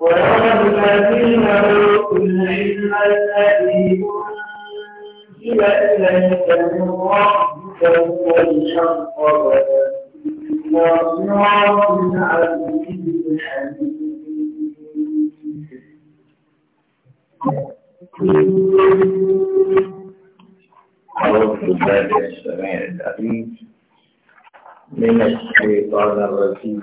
ويرى الذين أوتوا العلم الذي أنزل إليك من ربك هو الحق وصراط عزيز حميد أعوذ بالله السميع العليم من الشيطان الرجيم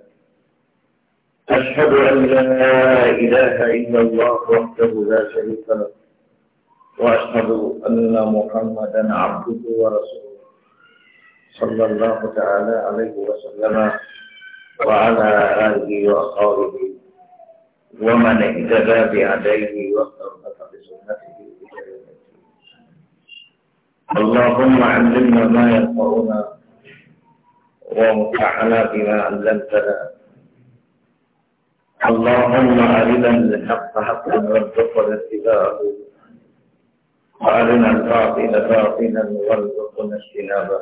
أشهد أن لا إله إلا الله وحده لا شريك له وأشهد أن محمدا عبده ورسوله صلى الله تعالى عليه وسلم وعلى آله وأصحابه ومن اهتدى بهديه واستنبط بسنته اللهم علمنا ما ينفعنا وانفعنا بما علمتنا اللهم أرنا الحق حقا وارزقنا اتباعه وأرنا الباطل باطلا وارزقنا اجتنابه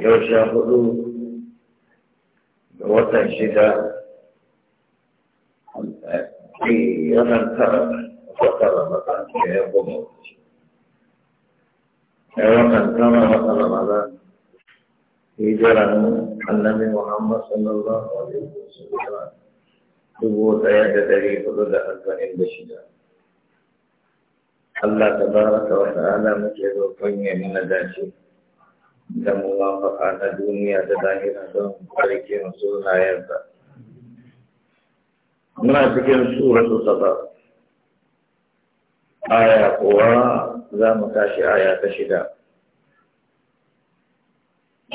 يرجى هدوء وتجد في يوم ترك وقال رمضان في يوم وقد ترى رمضان في جرم annabi Muhammad sallallahu alaihi wasallam dubu saya dari hudu da arba'in da shida. Allah ta wa ta'ala muke roƙon ya mana da muwafaka na duniya da lahira don farkin sunayensa. Muna cikin ayat saba. Aya kuwa za mu tashi aya ta shida.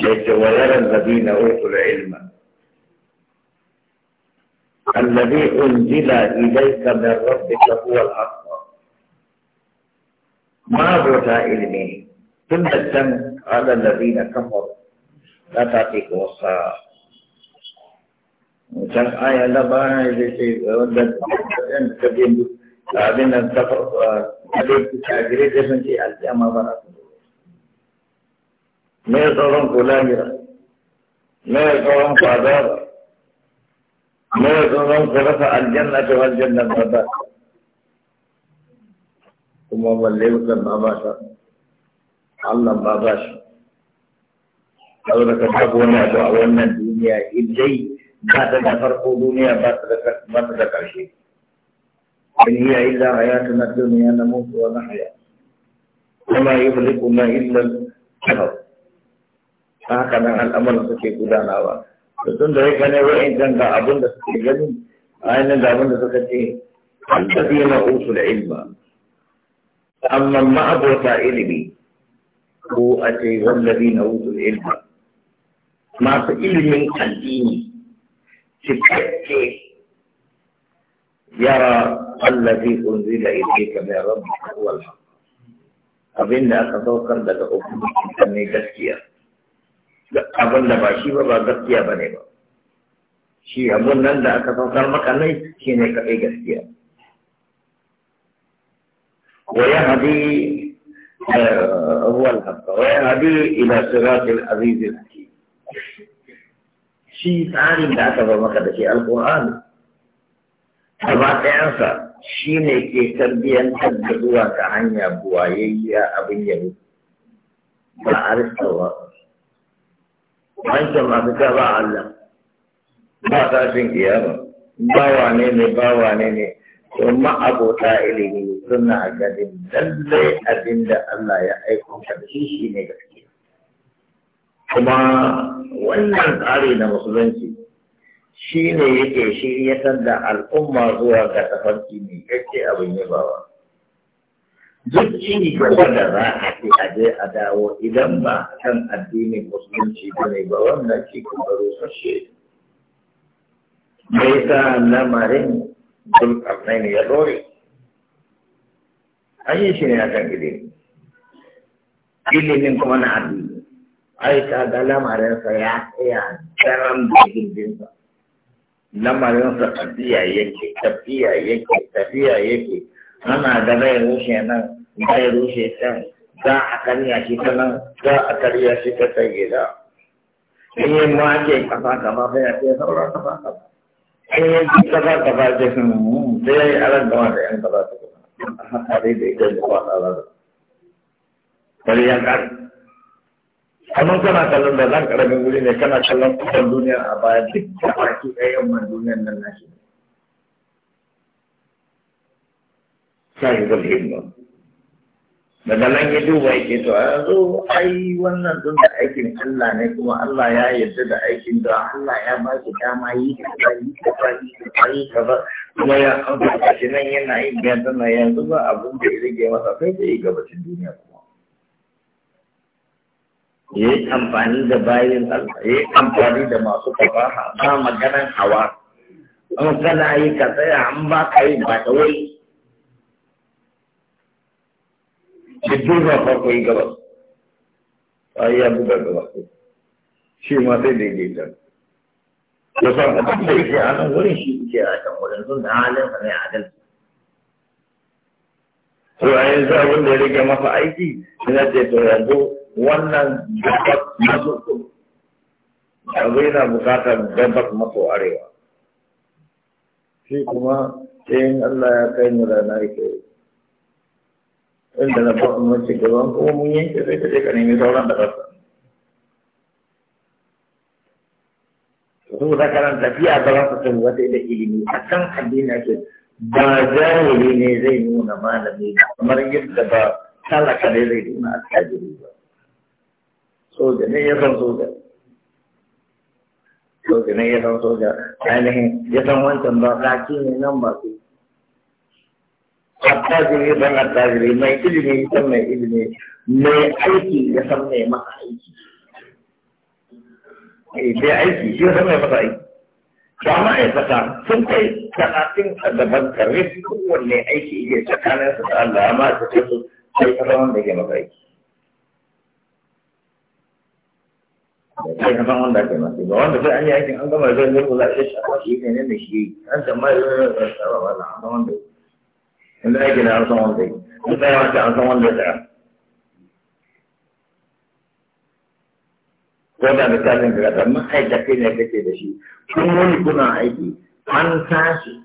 ليس ويرى الذين أوتوا العلم الذي أنزل إليك من ربك هو الحق ما بوتا علمي ثم السم على الذين كفروا لا تعطيك وصاء وكان آية لبا لشيء ودن تبين أبين الكفر آه، تبين تشاجري تسنتي الجامعة براتنا me sauran ku lahira me sauran ku azaba me sauran ku rasa aljanna ta aljanna ba kuma balle wutar ba ba ta Allah ba ba shi saboda ka tafi wani abu a wannan duniya idai ba ta da farko duniya ba ta da ƙarshe in hiya illa hayatuna dunya namutu wa nahya kuma yuhlikuna illa al-maut ta haka nan al'amuran suke gudanawa da tun da ya gane wa'in can ga abin da suke gani ainihin da abin da suka ce allazi na da ilma amma ma'abota ilimi ko a ce wallazi na da ilma masu ilimin addini cikakke yara allazi unzila ilayka min rabbika huwal Abin da aka saukar daga ubangiji ne gaskiya abin da ba shi ba ba gaskiya ba ne ba shi abun nan da aka saukar maka ne shi ne kaɗai gaskiya ويهدي هو الحق ويهدي إلى صراط العزيز الحكيم shi tsarin da aka ba maka da shi alƙur'ani gaba ɗayansa shi ne ke tarbiyyantar da zuwa ta hanya buwayayya abin yabo ba a ristawa wancan masu ta ba Allah ba ta tashin kiyama ba wane ne ba wane ne don ma'abota ilimi suna ganin lallai abin da Allah ya aiko da shi ne gaskiya kuma wannan tsari na musulunci shi ne yake shi ya da al'umma zuwa ga tafarki ne yake abin yabawa. duk iri gaba da za a ce a je a dawo idan ba kan addinin musulunci ba ne ba wannan shi kuma rusashe mai sa lamarin dulkarnai ya dore an yi shi ne a kan gidi. ilimin kuma na addini ai ta ga lamarinsa ya tsaya daren da gindinsa lamarinsa tafiya yake tafiya yake tafiya yake ana da ya rushe nan ba ya rushe can za a karya shi ta nan za a karya shi ta ta gida in yi ma ake kafa kafa ba ya ce sauran kafa kafa in yi ji kafa kafa ce sun hmm, sai ya yi aran gama da yan kafa ta kuma a hankali da ita da kwasa ba bari ya kar kamar kana kallon da zan karamin wuri ne kana kallon kusan duniya a baya duk da baki ɗaya man duniyar nan na shi sai ga himma daga nan ya duba yake to zo ai wannan sun da aikin Allah ne kuma Allah ya yarda da aikin da Allah ya ba ki dama yi ka yi ka yi ka yi ka ba kuma ya amfana shi nan yana yin da tana yanzu ba abin da ya rage masa kai da yi gabacin duniya kuma ya yi amfani da bayan Allah ya yi da masu fasaha ba maganan hawa an kana yi ka tsaya an ba ka yi ba ta ya jirga farko yi gabas a yi ya buga gabas shi ma sai daidaita ya san abin da yake a nan wurin shi yake a can wurin sun da halin sa ne a adalci to a yanzu abin da ya rage masa aiki yana ce to yanzu wannan gabas maso kudu abu yana bukatar gabas maso arewa shi kuma sai in Allah ya kai mu rana yake inda na faɗi mace gaban kuma mun yanke sai ka je ka nemi sauran da ƙasa saboda karan tafiya ta za ta san wata da ilimi a kan addini ake ba jahili ne zai nuna malami kamar yadda ba talaka ne zai nuna alkajiri ba soja ne ya san soja soja ne ya san soja ainihin ya san wancan ba zaki ne nan ba su attajiri ban attajiri mai ilimi ya san mai ilimi mai aiki ya san mai maka aiki eh, mai aiki shi san mai maka aiki ba ma ya fata sun kai talatin a daban kare kowanne aiki ke tsakanin su da Allah amma su ce su sai ka san wanda ke maka aiki sai ka san wanda ke maka aiki wanda sai an yi aikin an gama zai zai kula da shi a kwashi ne ne shi an san ma zai zai zai zai zai zai zai zai zai inda ake na an san wanda yi in tsaya wanda an san wanda ya tsaya ko da da misalin da ga ma'aikaci ne kake da shi kun wani kuna aiki an tashi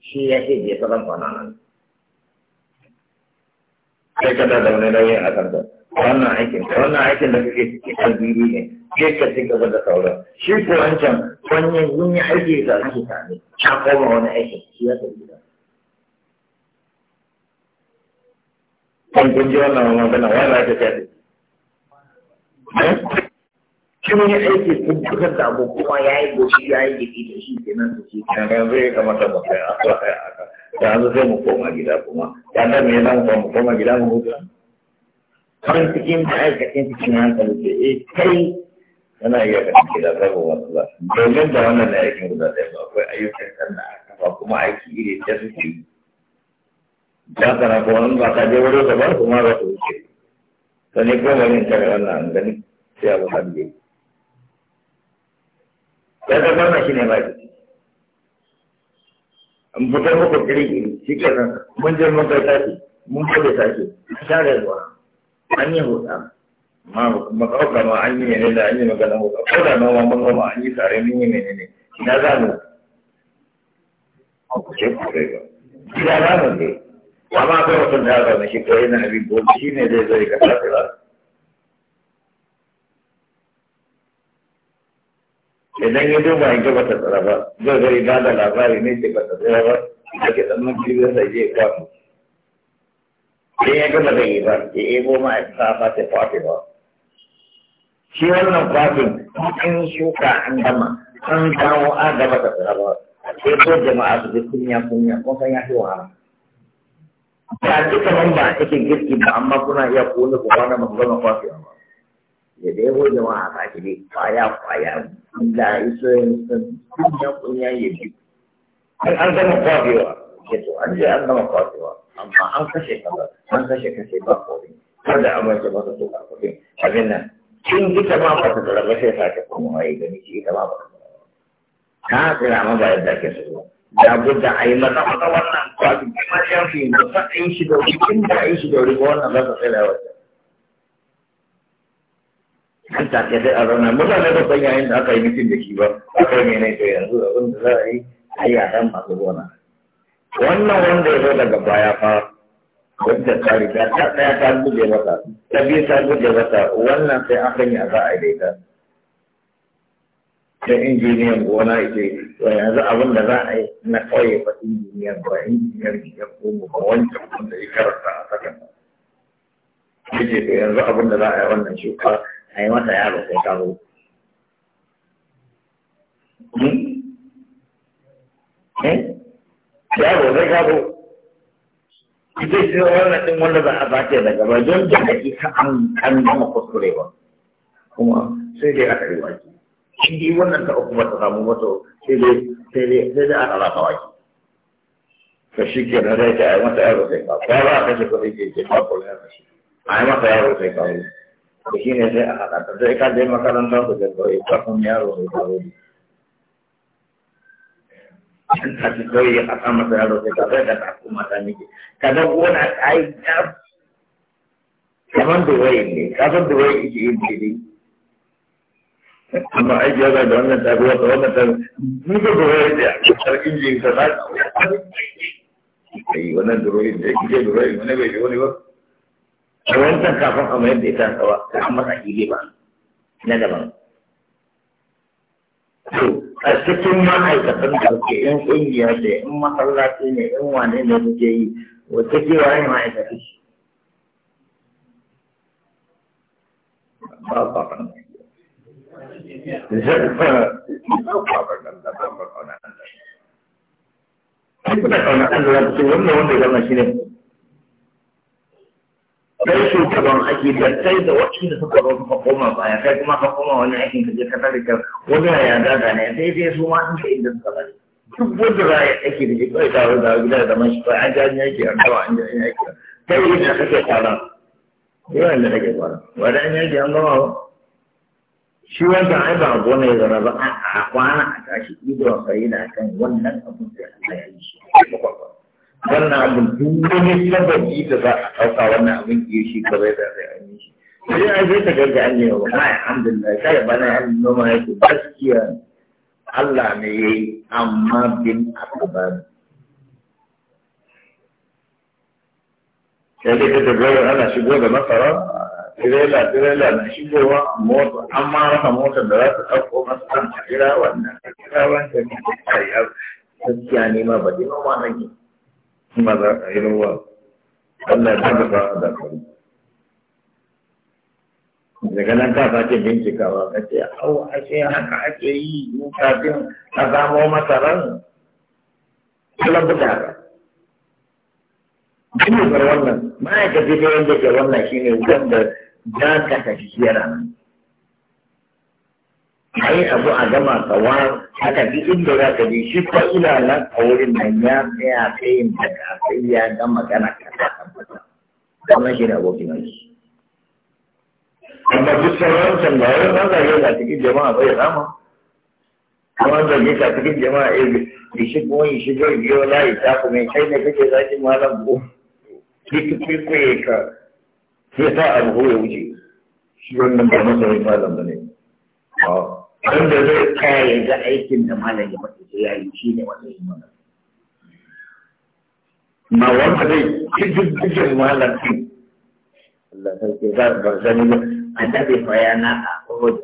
shi ya ce je kwana nan sai ka da da nauyin a da wannan aikin wannan aikin da kake cikin albiri ne ke ka ci gaba da sauran shi ko an can wannan yin aiki da ake tare ta koma wani aiki shi ya tafi gida kan kun ji wannan magana wani ake kaɗe eh? kin yi aiki kun fitar da abu kuma ya yi goshi ya yi jiki da shi ke nan su ci kan ran zai kamata mu kai a kai a kai da yanzu sai mu koma gida kuma ya da me nan kuma mu koma gida mu huta kan cikin ma'aikacin cikin hankali ke eh kai yana iya ka cikin da babu matsala domin da wannan na aikin guda ɗaya ba akwai ayyukan kan da aka kuma aiki iri da suke da kana ko an ba ka je wurin da ba kuma ba ku ce to ne ko wani kare wannan gani sai abu hadde ya ta ba shi ne ba ki an fitar muku kiri shi kenan mun je mun kai tashi mun kai tashi share ruwa an yi hutsa ma makauka ma an yi mene da an yi magana hutsa ko da noma mun noma an yi tare mun yi mene ne ina za mu ku ce ku kai ba mu ne. amma akwai mutum da aka mashi kawai na abin gobe shi ne zai zai ka tafiya idan ya duba in ga bata tsara ba zai zai ba da labari ne ce bata tsara ba da ke tsannan jirgin sai je kwamu sai ya gama da yi ba ya ebo ma a ta fata fata ba shi wannan fatin in shuka an gama an kawo an gaba ta tsara ba sai ko jama'a su bi kunya kunya kun san ya fi wahala ba ci kaman ba cikin girki ba amma kuna iya kone ku kwana ba ku gama kwafiya ba da dai ko jama'a ba ki ne kwaya kwaya da iso yin sun kunya kunya ya bi an an gama kwafewa ke to an je an gama kwafewa amma an kashe kaza an kashe kashe ba kori kada a mace masa to ka kudin abin nan kin ji ta ma ba ta taraba sai ta ta kuma wai gani ki ita ma ba ta taraba ta tsira ma ba yadda ke so da gudda a yi maza maza wannan kwafin kimar yafi musa a yi shi da wuri kin da a yi shi da wuri wannan za ta tsira wata an take dai a ranar ne ba san yayin da aka yi mutum da shi ba akwai mai nai to yanzu abin da za a yi a yi a dan masu gona wannan wanda ya zo daga baya fa wadda ta riga ta ɗaya ta guje mata ta biyu ta guje mata wannan sai an sanya za a yi ita sai injiniyan gona ita to yanzu abin da za a yi na kawai ba injiniyar ba injiniyar ya komo ba wancan wanda ya karanta a sakan ya ce to yanzu abin da za a yi wannan shuka a yi mata yaro sai ta zo hmm? Hmm? yaro sai ka zo ita ce wannan ɗin wanda za a zake daga ba don da ake ta an an kuskure ba kuma sai dai aka yi waki shi dai wannan ta uku ba ta samu mata sai dai sai dai ka shi ke na zai ta yi masa ba a kashe a yi masa sai ta ka je makaranta ku da kawai kafin yaro sai kawo ne an tafi kawai a kan masa yaro sai kawo sai ka ta kuma ta miki ka ga gona ta yi kamar da wayin ne ka san da wayin ke amma aiki ya da wannan tafi wata wannan tafi mun ga gobe da sarkin jin ka ta yi wannan duroyin da yake duroyin wani bai wani ba a wancan kafin a mayar da ita amma a ile ba na daban to a cikin ma'aikatan da ke yan kungiya da yan masallaci ne yan wane ne ke yi wata ke waye ma'aikatan ba ba ba kuna ƙaunar Allah ta ce wannan wanda kai da kai da waɗanda suka zo suka koma baya kai kuma ka koma wani aikin ka je ka tare ka wajen ya daga ne sai dai su ma inda inda suka bari duk wanda za ya ake da shi kawai taro da gida da zaman shi kawai an ja aiki an gawa an ja ni kai yadda kake tara yawan da kake tara wadda an yake an gama ba shi wanda ai ba abu ne zara ba a kwana a tashi ido sai na kan wannan abu da Allah ya yi shi wannan abu duk wani sababi da za a ɗauka wannan abin ke shi ba zai da sai an yi shi sai ai sai ta gaga an yi wa ma alhamdulillah kai bana an noma yake gaskiya Allah ne yayi amma bin abu akabar sai dai ta ga ana shigo da masara direla direla na shigowa mota an ma rasa motar da za ta ɗauko masu an a kira wannan a kira wancan ne ta kariyar gaskiya ne ma ba dima ma nake ma za a yi ruwa Allah ya ba da da kari daga nan ka sake bincikawa ka ce au ashe haka ake yi kafin a samo masaran kala buga Duk wannan ma'aikaci ne wanda ke wannan shine wanda za ka tafi kira Ai, abu a gama kawa a tafi inda za ka je shi fa ina na a wurin nan ya tsaya tsayin da ka sai ya gama gana ka ta tabbata wannan shi da abokin aiki amma duk sauran tambayar nan zage ka cikin jama'a bai rama da ne ka cikin jama'a eh da shi kuma yi zai biyo layi ta kuma kai ne kake zaki malam ko ki ki ka sai sa abu ya wuce shi wannan ba masarin malam ba ne wanda zai kaya ga aikin da malam ya mace sai ya yi shi ne wannan yi mana ma wanda zai cikin malam ɗin Allah sai ke za ba sani ba daɗe fa ya na a kowace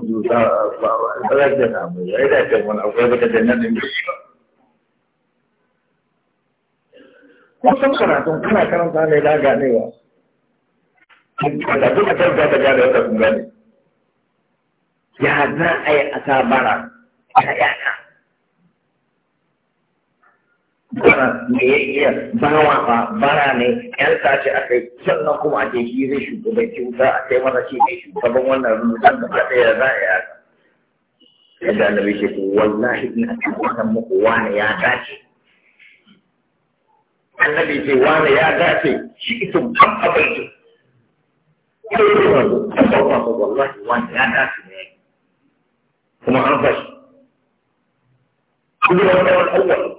dusa ba za da samu ya yi da ta wani akwai baka jannatin da shi ba kusan karatun kana karanta ne da ganewa da duka tarka ta gane wata sun gane ya za a yi a sa mara a yana bara me ya iya bawa ba bara ne yan sace a kai sannan kuma ake ce shi zai shugabanci wuta a kai mana shi ne shugaban wannan rumutan da ba ɗaya za a yi haka yadda annabi ce ko wallahi ina tabbatar muku wani ya dace annabi ce wani ya dace shi ita babban abin wallahi wani ya dace ne kuma an fashi kuma wani yawan awwal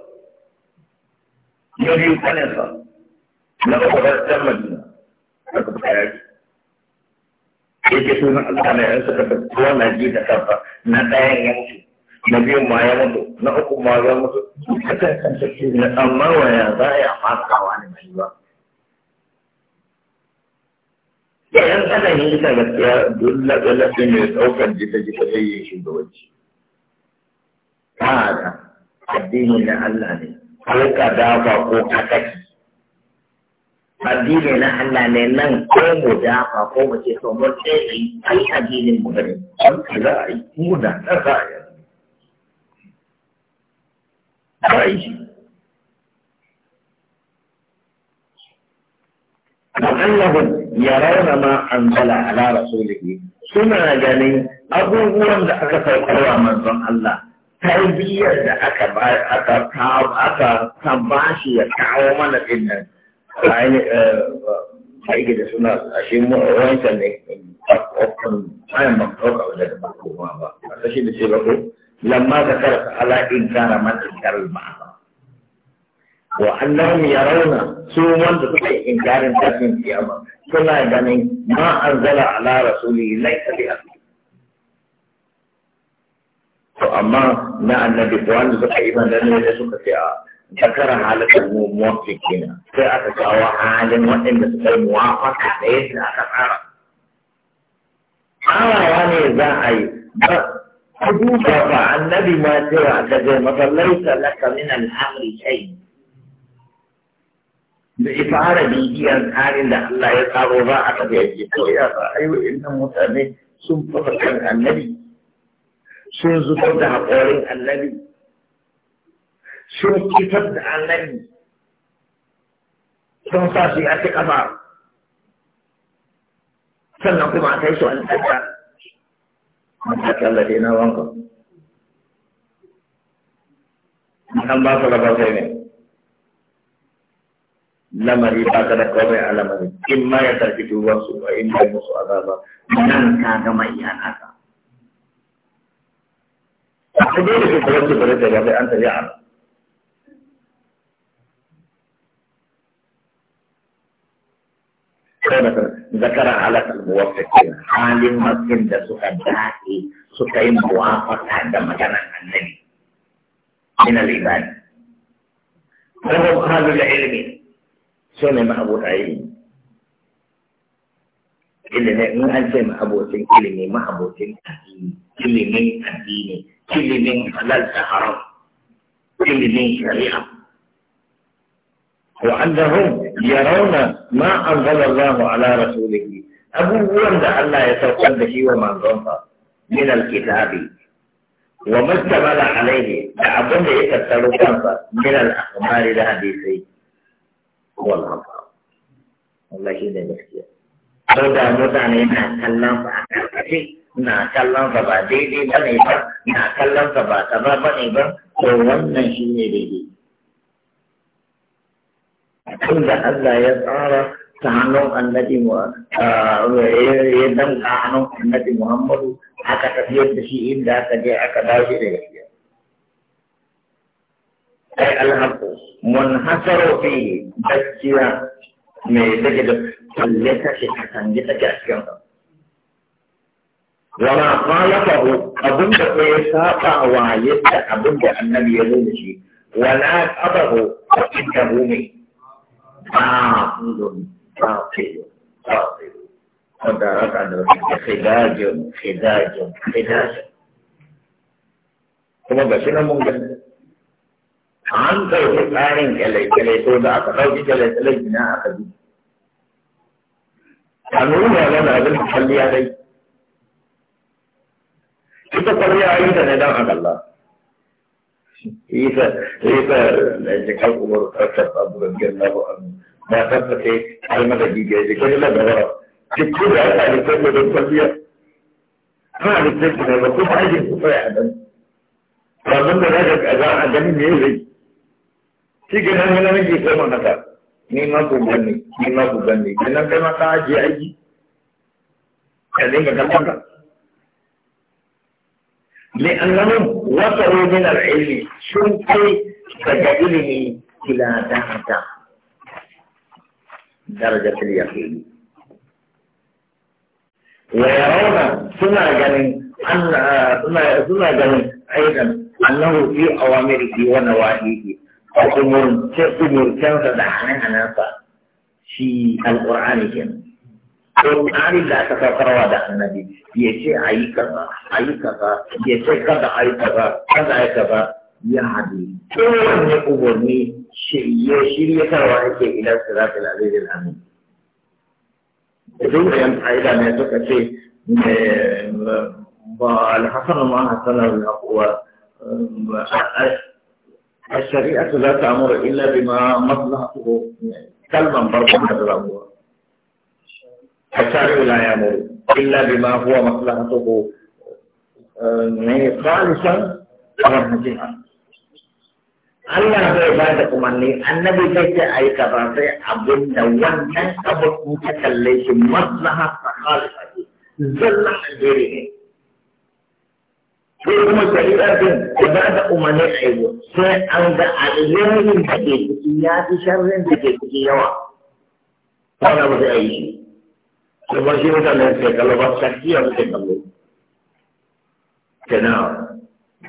yake sunan Allah na yansu da kowa na ya mutu na ma ya mutu na uku ma ya mutu kan kan na za a yi ne mai ba da yan tsananin ita gaskiya dole dole sai mai ɗaukar jita jita zai yi shugabanci ta'ada addini na Allah ne ko ka dafa ko ka saki addini na Allah ne nan ko mu dafa ko mu ce to mun ce ai addinin mu gare an za a yi mu da ta za a yi وأنهم يرون ما أنزل على رسوله سنة جاني أبوهم ذا أكا تقوى منظم الله تربية ذا أكا أكا تاب أكا تباشي تعومنا يعني، آه، إنا أين أيك ذا سنة أشي مؤوين سنة أفضل أين مقروك أولا تبقوا ما با أشي ذا سيبقوا لما ذكر على إنكار من إنكار المعنى وأنهم يرون سوما تقوى إنكار تسمى في أمامه suna ganin ma anzala ala rasuli laisa bi to amma na annabi ko wanda suka yi mandan da suka ce a takara halakar mu muwafiqina sai aka kawo halin waɗanda suka yi muwafaka da yadda aka tsara tsarawa ne za a yi ba ku duba ba annabi ma cewa daga masallaita laka min al'amri shay'in da ya fara bibiyar tsarin da Allah ya tsaro za a tafi yake to ya sa ai wa'annan mutane sun fara kan annabi sun zubar da haƙorin annabi sun kifar da annabi sun sa su ya ci kafa sannan kuma a kai su an tsaka matakan da na wanka an ba su rabar sai ne lamari ba ka da komai a lamari in ma ya tafi tuban su ba in ma musu azaba nan ka gama iyanaka ku dole ku kula ku bare da bai an tafi a ذكر على الموفقين حال مسكين ده سكداتي سكين موافقة ده مكان النبي من العباد فهم حال العلمين su ne ma'abota ilimi ilimi in an ce ma'abocin ilimi ma'abocin addini ilimin addini ilimin halal da haram ilimin shari'a وأنهم يرون ما أنزل الله على رسوله abubuwan da Allah ya saukar da shi wa manzonsa min alkitabi wa mustamala alaihi da abin da ya tattaro kansa min al-akhbari da hadisai wal haqq Allah shi ne gaskiya ko da mutane na kallon sa a karkace na kallon sa ba daidai ba ne ba na kallon sa ba kaza ba ne ba to wannan shi ne daidai tunda Allah ya tsara ta hannun annabi ya danka hannun annabi Muhammadu aka tafiyar da shi inda aka je aka dawo shi da gaskiya أي الحق منحصر في بسيا من ذكر كلتك حسنجتك أسكنها وما خالفه أبن بقيساق وعيد أبن النبي يلومشي ولا أبه فإنه مي باطل باطل باطل ودارت عن خداج خداج خداج ثم بسنا ممكن an ɗauki tsarin kyale-kyale to da aka ɗauki kyale-kyale gina aka bi a nuna mana abin kwalliya dai ita kwalliya a yi ta ne don a kalla isa isa da ya jikar umar tattar abubuwan girma ba a ba ta fate kalmata gigiyar jikar ila da wara jikku da ya sa jikar da don kwalliya ba a jikar da ba kuma aikin kusa ya adam ba zan da za a gani ne zai shi ke nan yana ko kai manaka ni ma ku gani ni ma ku gani kenan kai ma ka ajiye aiki ka dinga kallon ka li'annahum wasaru min al-ilmi sun kai daga ilimi ila dahata darajatul yaqini wa yarawna suna ganin suna ganin aidan annahu fi awamirihi wa nawahihi a umurce-umurcensa da hannun-hannunsa shi al'ur'ani kenan. Al'ur'ani da aka saukarwa da annabi ya ce a yi kaza, a yi kaza, ya ce kada a yi kaza, kada a yi kaza ya haɗu. Kowanne umarni shirye shiryatarwa yake idan su zafi lalazin amin. Idan da yan fa'ida ne suka ce ba alhassan ma hassanar na kuwa um, الشريعة لا تأمر إلا بما مصلحته كلما برضو هذا الأمر الشارع لا يأمر إلا بما هو مصلحته خالصا ورحمة الله Allah bai ba da umarni annabi zai ce a yi kaza sai abin da wannan abin kuka kalle shi maslaha ta halifa zallan alheri ne sai kuma shari'ar din da ba da umarni a yi sai an ga alherin da ke ciki ya fi sharrin da ke ciki yawa wanda ba zai yi shi sai ba shi mutane sai kallo ba sarki ya muke kallo kenan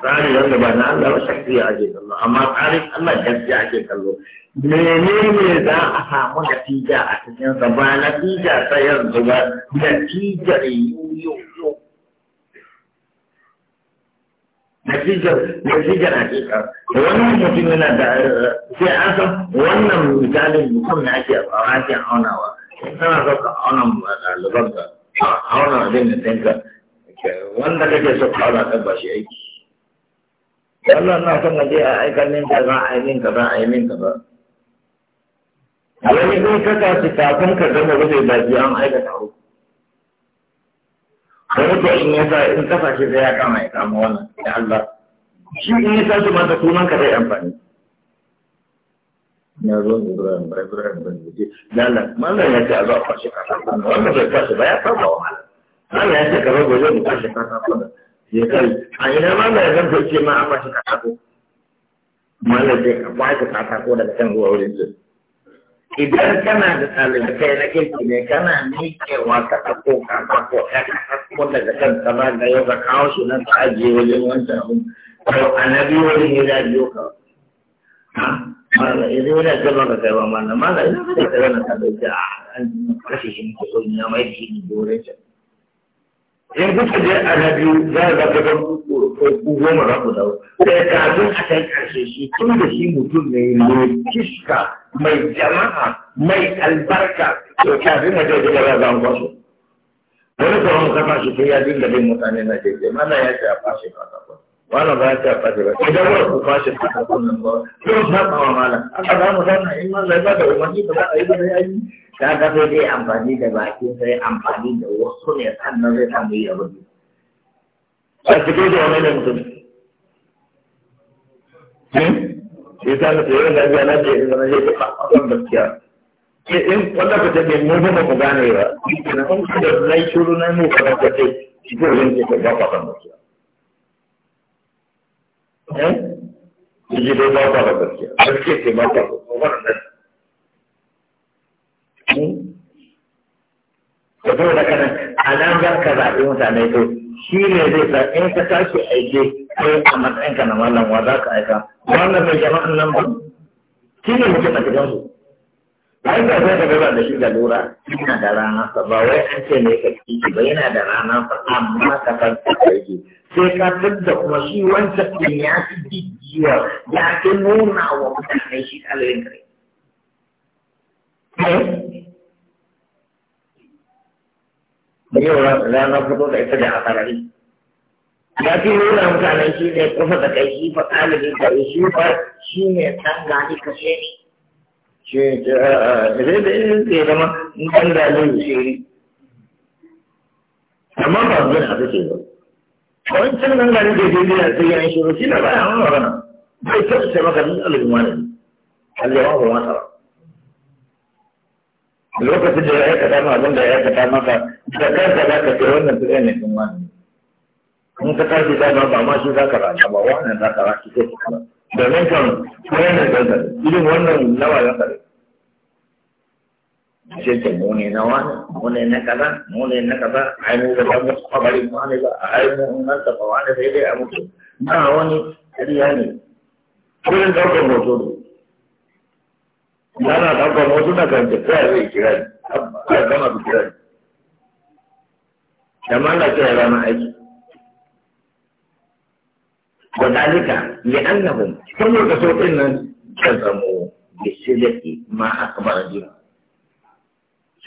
tsari wanda ba na Allah ba sarki ya ake kallo amma tsarin Allah gaskiya ake kallo menene za a samu natija a cikin sa ba natija ta yanzu ba natijar yiwu yiwu natijar natijar hakika da wannan mutum yana da sai an san wannan misalin mutum ne ake a ake aunawa kana so ka auna ɗaliban ka auna abin da ɗinka wanda kake so ka auna ɗan ba shi aiki wannan na son je a aikar min kaza a yi min kaza a yi min kaza wani in ka kasi kafin ka gama rufe baki an aikata hukum da mutu in ya in kasashe zai ya kama ya kama wannan ya Allah shi in ya su mata sunan ka zai amfani na zo ne bura bura bura bura ne da Allah ya ce a zo a kwashe kasa wanda bai kwashe ba ya saba wa mallan ya ce ka zo gobe mu kwashe kasa wannan ya kai a ina mallan ya zanta ce ma a kwashe kasa ko mallan ya ce a kwashe kasa ko daga kan zuwa wurin zai idan kana da ɗalibai na kirki ne kana miƙewa ta ɗauko ka ɗauko ya ka ɗauko daga kan kama da yau ka kawo shi nan ajiye wajen wancan abin to annabi wani ne za biyo ka mala idan yana gaba ka kai ba mala mala idan ka kai wannan ka ɗauki a an kashe shi ne ko ya mai shi ne can in kuka je za ko ku goma za ku dawo sai kafin a shi tun da shi mutum ne mai kiska mai jama'a mai albarka to kafin a za wani kama shi sai ya dinga bin mutane na mana ya ce a fashe ba ba wala ba ta fadi ba idan wani ku fashe ta nan ba ta kawo aka mu in man zai ba da umarni za a yi ba ga dai amfani da baki sai amfani da wasu ne sannan zai samu yi a cikin wani ne mutum hmm? shi ta na biya na ce ina a kan gaskiya in wanda ba mu gane ba na shuru na mu ka ka ce shi ka kan gaskiya eh ba gaskiya ce ba hmm? hmm? da kana a nan ka zaɓi mutane to shi ne zai sa in ka tashi aike kai a ka na wannan wa za ka aika wannan mai jama'an nan ba shi ne mutum a gidansu su ai ba zai gaba da shi ga lura yana da rana sa ba wai an ce mai kaki ba yana da rana sa amma ka san ka aike sai ka tadda kuma shi wancan din ya fi jijiyar ya fi nuna wa mutane shi kalorin kare da yau ranar fito da ita da asarari ya fi nuna mutane shi ne kusa da kai shi fa ɗalibin da shi fa shi ne ɗan gani kashe ne shi da zai da yin zama ɗan gani shiri amma ba su zai ce ba can ɗan gani da zai zai sai yan shiru shi na baya wani magana bai tattace maka ɗan ɗalibin wani ne Allah ba wata ba. lokacin da ya aikata ma abin da ya aikata maka da kanka za ka ce wannan tuɗe ne kuma wani in ka tashi da ba ma shi za ka rasa ba wannan za ka rasa ke kuma domin kan wannan da zai irin wannan nawa ya kare sai ce mu ne na wani mu ne na kaza mu ne na kaza ai mu da ban ku bari mu ne ba ai mu nan ta ba wani sai dai a mutu na wani ariya ne kullum daukar hoto ne yana ɗaukar wasu na kan tafiya zai kira ni har gama su kira ni da mana ya ranar aiki wa dalika li annahum saboda sauƙin nan kazamu bi silati ma akbar jin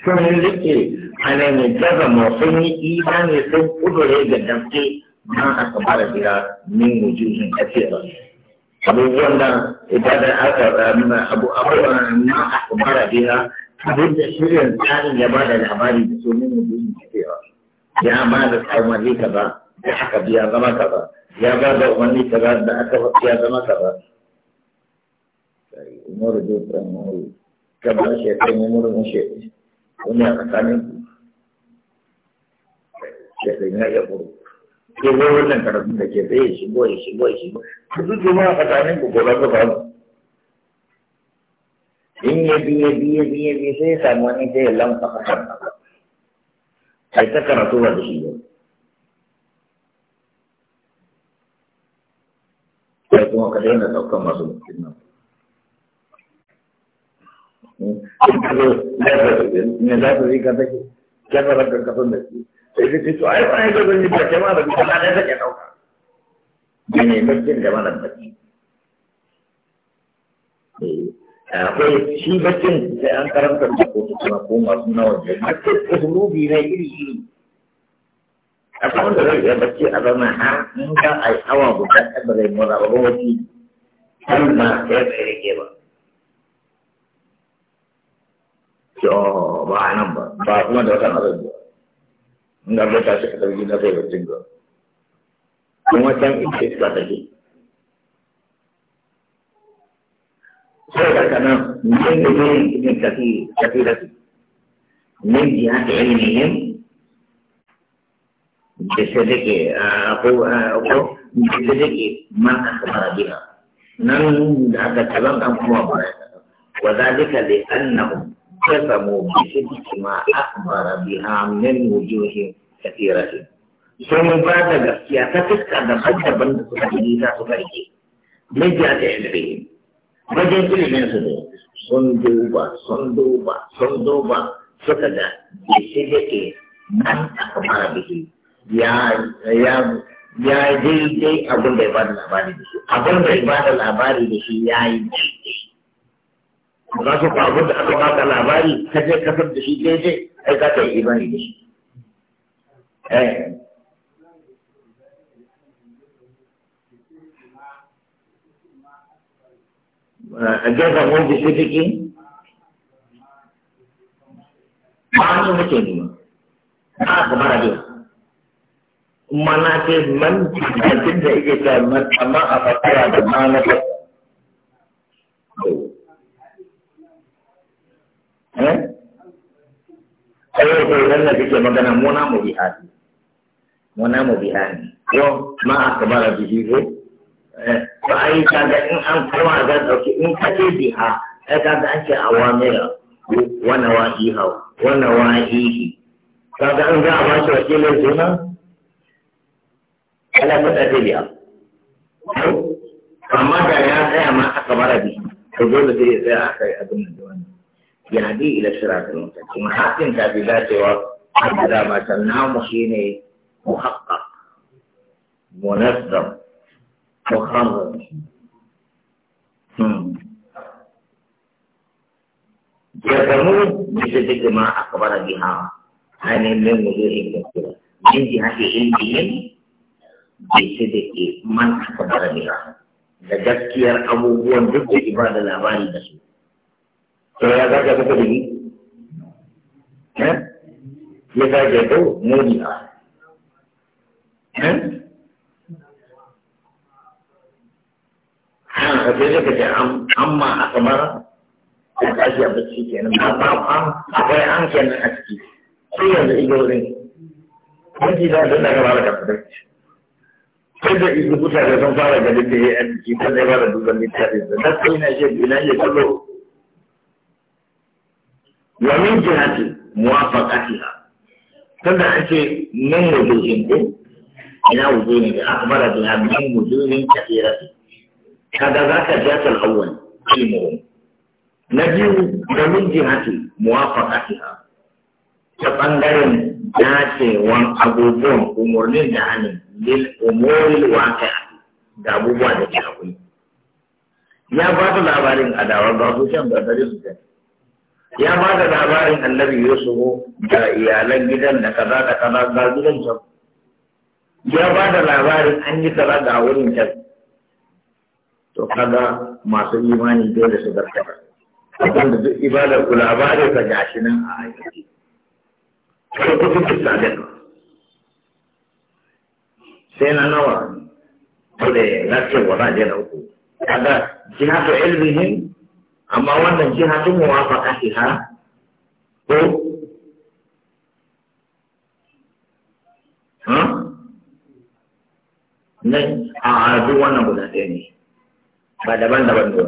sun rike alamin kazamu sun yi imani sun kudure ga dafke ma akbar jira min wujuhin kafira abubuwan da ibada aka ramuna eh, abu abubuwan na akubara biya abin da shirin tsarin ya bada labari da su ne mutum cewa ya ba da tsamari kaza da aka biya zama kaza ya ba da umarni kaza da aka biya zama kaza umaru da tsamari kamar shekaru umaru na shekaru wani a tsakanin shekaru ya yi ke zo wannan karatun da ke tsaye shigo ya shigo ya shigo ku duk ma a tsakanin ku gobe ku faru in ya biye biye biye biye sai ya samu wani sai ya lamfa kasar ai ta karatu ba da shi yau sai kuma ka daina ɗaukar masu mutum nan ina za su zika take kyanar da kasan da shi sai ka ce to ai ba ai zan ba ke ma da na ɗaya take ɗauka ne baccin da malam bacci eh, akwai shi baccin sai an karanta da kotu kuma ko masu nawa ne baccin usulubi ne iri iri a kawai da zai iya bacci a zama har in ka ai awa guda ɗaba mura ba wani har ma ya tsaye rike ba to ba a nan ba ba kuma da wata marar ba nggak boleh kasih ke dalam kita saya bertinggal macam itu strategi saya katakan mungkin ini ini kasih kasih lagi ini dia ilmiah bisedeki aku aku bisedeki mana kepada dia nan ada kalam kamu apa وذلك لأنهم kasamu bi ma akbara biha min wujuhi katiratin sun ba da gaskiya ta fuska da daban da suka yi ta suka yi mijja da ilmi wajen ilmin su ne sun duba sun duba sun duba suka ga bi shi da ke nan akbara bihi ya ya ya yi daidai abin da ya ba labari da shi abin da ya labari da ya yi daidai za su faru da aka baka labari ka je kasar da shi daidai ai za ka yi imani da shi eh. a gefen wani shiriki ba ni muke nema ba a kuma rabe mana ce man da yake ta amma a fasara da mana na abin da kake magana mu na mu bihani mu ma akbara bihi ko ba eh, ai in an koma ga dauki in kace biha ai kaga an ce awamira wa nawahiha wa nawahihi kaga an za a ba shi wakilin suna ala kuɗa ta biya amma da ya tsaya ma akbara bihi to dole sai ya tsaya akai abin da wannan yahdi ila siratal mustaqim hatin ta bi dacewa إذا ما سمناه حيني محقق منظم مخرج يفهمون مثل ما أخبر بها عن من وجوه المسيرة من جهة علمهم بصدق من أخبر بها لجسكي الأبوبون ضد عباد الأبان البشر فهذا كيف تقول ya zage dau muni eh? a ah, a sai zaka ce amma a samara a tashi a bacci kenan ba ba an akwai an kenan a ciki sai yanzu igorin kwanci za a dinna gaba da kafin sai da isu sun fara ganin da ya yi ciki kan zai ba da dubban littafin na tsaye na shi ina ya kallo ومن جهة موافقتها tunda a ce min wujuhin ko ina wujuhin da akbara biha min su kada za ka ja ta lawan ilmu na biyu da min jihati muwafaqatiha ta bangaren dacewan abubuwan umarnin da hannun lil umuril waqi'a da abubuwa da ke akwai ya ba ta labarin adawa ba su shan gardare su يا ماذا دعوان النبي يوسف جاء يا لنجدا لكذا كذا قالوا لنجم يا ماذا دعوان أني كذا دعوان لنجم تو كذا ما سوى إيمان يدور لسدر كذا أقول إبادة كل عبادة فجاشنا آيكي تو كذا كذا دعوان سينا نوا تو دعوان لنجم كذا جهاز علمهم amma wannan jiha sun muwafaka ha ko ha, ne a duk wannan guda ɗaya ne ba daban-daban ba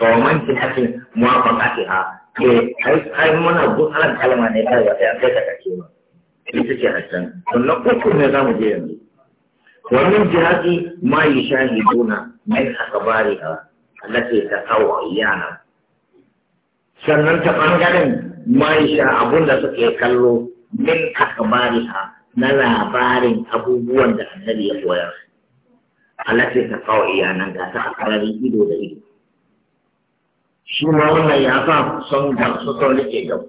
ba wa manci hakin muwafaka ha ke eh, ai muna duk alam kalma ne kai wata yanzu ta kake ba ita ce hasan sannan uku ne za mu je yanzu wannan jihadi ma yi mai shahiduna min akabariha التي تتوعيانا sannan ta ɓangaren maisha abun suke kallo min akabari akbariha na labarin abubuwan da annabi ya koyar alati ta kawo iyanan ga ta akarari ido da ido shi ma wannan ya sa son da su son rike gaba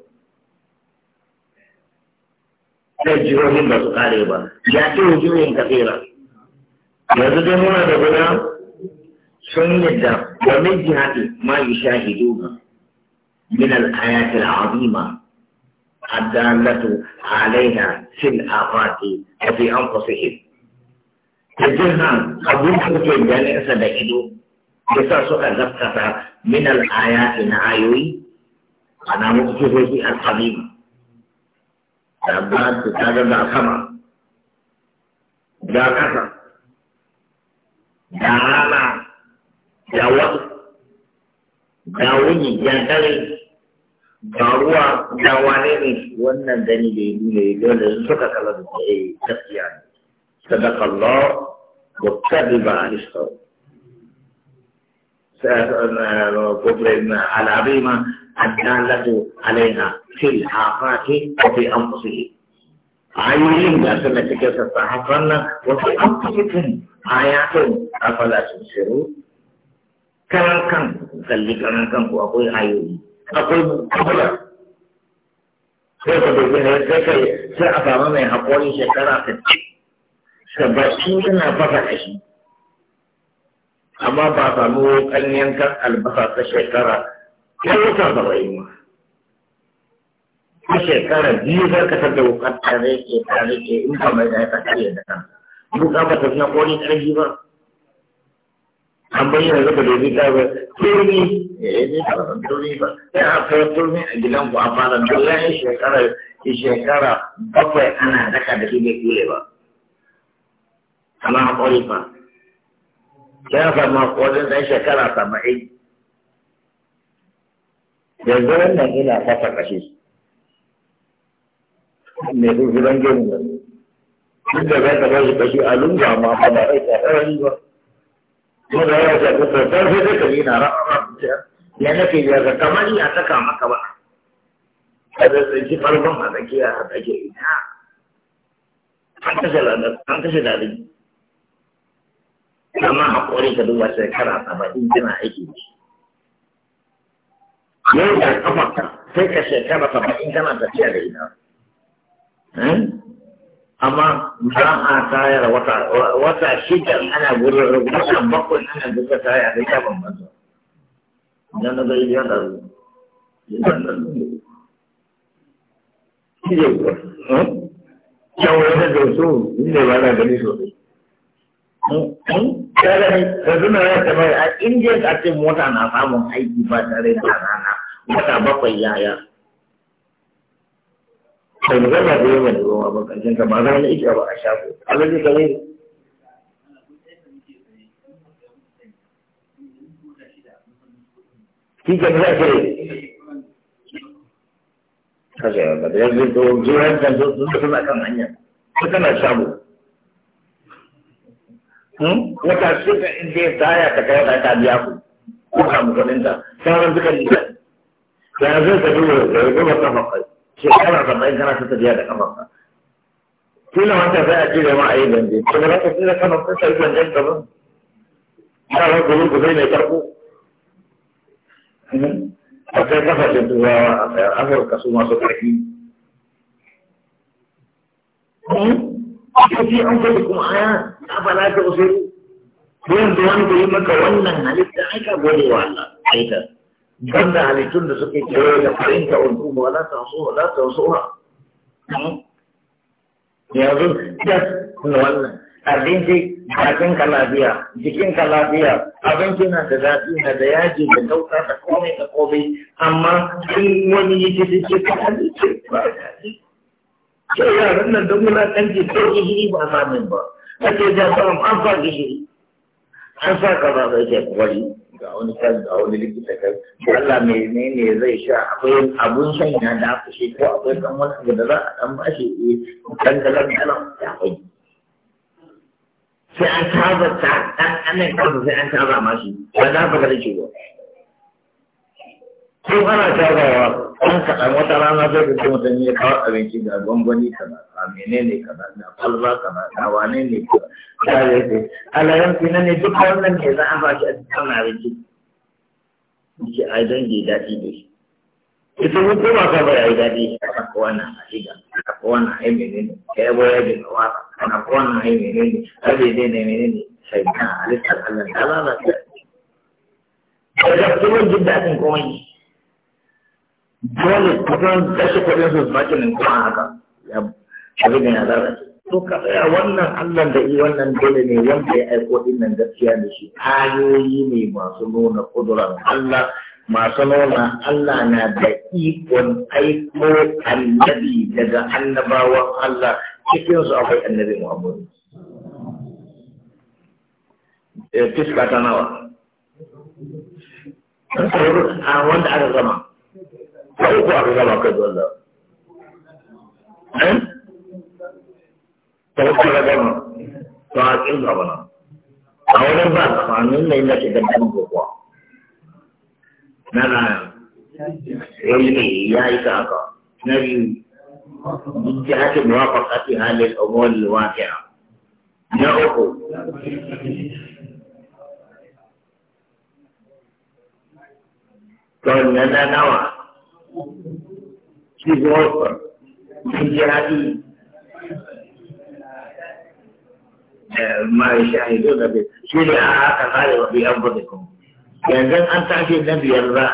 sai jihohin ba su kare ba ya ce jihohin kafira yanzu dai muna da guda sun yadda da min jihati ma yushahidu min al azima الدالة عليها في الآفاق وفي أنفسهم الجهة أبوك في الجنة سبعيدو بسا سوى زفتة من الآيات نعيوي أنا مكتفي في القديم تبات تتابع دا سما دا كسا دا رانا ga wasu ga wuni ga dare ga ruwa ga wane ne wannan gani da ya nuna ya dole suka kala da ta yi tafiya ne sadaka Allah wa kadiba alistau العظيمة الدالة عليها في الآفات وفي أنفسهم ayoyin da suna cikin sassan hakan nan wasu an fi cikin ayatun afala sun shiru karan kan kalli karan kan ku akwai ayoyi akwai kabula sai ka na sai ka sai a samu mai haƙori shekara ta shi yana fasa shi. amma ba samu kanyen yankan albasa ta shekara ya wuta ba saba'in ma ta shekara biyu za ka tafi wukar tare ke tare ke in ba mai da ya ta kare da kan buka ba ta fi na ƙorin ƙarfi ba an bayyana zaka da zai ta ba turmi eh ne ta san turmi ba sai a kai turmi a gidan ku a fara wallahi shekara shekara bakwai ana daka da ke bai kule ba amma a kwari fa ya sama kodin dan shekara saba'in yanzu wannan ina fasa kashi mai rufi ban gemu duk da zai ta bashi kashi a lungu ma ba ba rai ta ba ko da ya ce ka dan sai dai ka yi na ya nake ya ga kamar ya saka maka ba kada sai ki farkon a tsakiya a take ina an kashe ladan an kashe dadin amma hakuri ka duba shekara saba'in tana aiki yau da kafarka sai ka shekara saba'in kana tafiya da ina hmm? amma za a tayar wata shida ana gudu wata bakwai ana gurin tayar da ya bambanta idan na zai ya da Kyawar da da su inda hmm? ba na gani sosai. Tare da suna ya taba a indiya a ce mota na samun aiki ba tare da rana wata bakwai yaya. sai gana da yawan ruwa ba karshen ba za ni ike ba a shago alaji ka ne shi ke za ka yi ba da yanzu to jiran kan zo sun suna kan hanya kana hmm? wata inda ya tsaya ta kai ta biya ku ko ka mu ta sauran suka yi ta yanzu ka duba da ya gaba ta shekara saba'in kana ta tafiya da kafarka kila wanda sai a cire ma a yi ganje to ba za ka cire kafarka sai ganjen gaban yaran gudun ku sai mai karko a kai kafashin turawa a tsayar afirka su masu ƙarfi hmm? Akwai an kai kuma haya na bala ta usuru. Yanzu da yi maka wannan halitta aika gode wa Allah aika. banda halittun da suke kewa da farinta ulkuma wala tansuha wala tansuha hmm? yanzu da wannan abinci bakin ka lafiya jikin ka lafiya abinci na da zafi na da yaji da dauka da komai da komai amma in wani yake da ke ta halittu ba yi yaran nan da muna kanji ko gishiri ba samun ba ake da ba an fa gishiri an sa ka ba bai ke kwari ga wani kan ga wani likita kan Allah menene zai sha akwai abun shan ya da aka shi ko akwai kan wani abu da za a dan bashi kan da zan kalan ya kai sai an kaza ta dan annan kansa sai an kaza mashi ba za ka ga shi ba ko ana shagawa an kaɗan wata rana sai ka ce mutum ne kawo abinci ga gwangwani na a menene na da kwalba na da wane ne kaza da ya ce alayan fina ne duk wannan ne za a shi a cikin abinci a ai dangi daɗi da shi ita ko ba ka bai yi daɗi a ko wannan a shiga ka ko wannan mene menene ka yi boye da wata a ko wannan a menene mene ne ne menene sai a halittar Allah ta lalata. Ka ga kuma jin daɗin komai dole kusan kashe kuɗin su bakin nan kuma haka ya abin da ya lalace to ka tsaya wannan Allah da yi wannan dole ne wanda ya aiko din nan gaskiya da shi ayoyi ne masu nuna kuduran Allah masu nuna Allah na da ikon aiko annabi daga annabawan Allah cikin su akwai annabi Muhammad eh, fiska ta nawa a wanda aka zama kai ko aka gama kai dole eh to ko da gama to a cikin gaba na a wurin ba tsakanin ne na shiga dan gowa na na yayi ne yayi ta haka na biyu من جهة موافقتها للأمور الواقعة na uku to na nawa E. Eh, Yanzu an tafiye na biyar za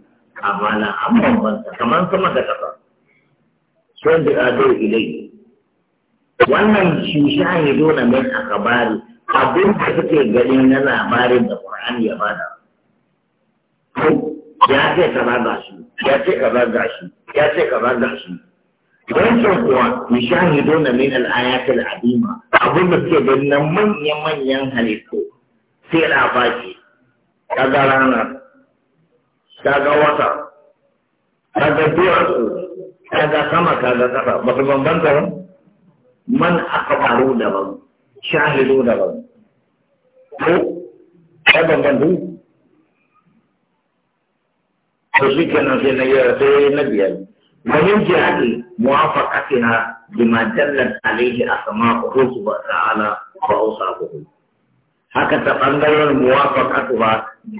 amma na an bambanta kamar sama da ƙasa sun da ƙadar ilai wannan shi shahido na min kabari, abin da suke ganin na labarin da Qur'an ya bada ya ce kaza ga shi ya ce kaza ga shi ya ce kaza ga shi wancan kuwa mishahido na min al-ayatil adima abin da suke gani na manyan manyan halittu sai labari kaga rana. kaga wata kaga duwatsu kaga sama kaga kasa ba su bambanta ba man akbaru daban shahidu daban ko ya bambantu to shi kenan sai na yara sai na biyar ومن جهته موافقتها بما دلت عليه أسماءه سبحانه وتعالى وأوصافه هكذا تقدر موافقتها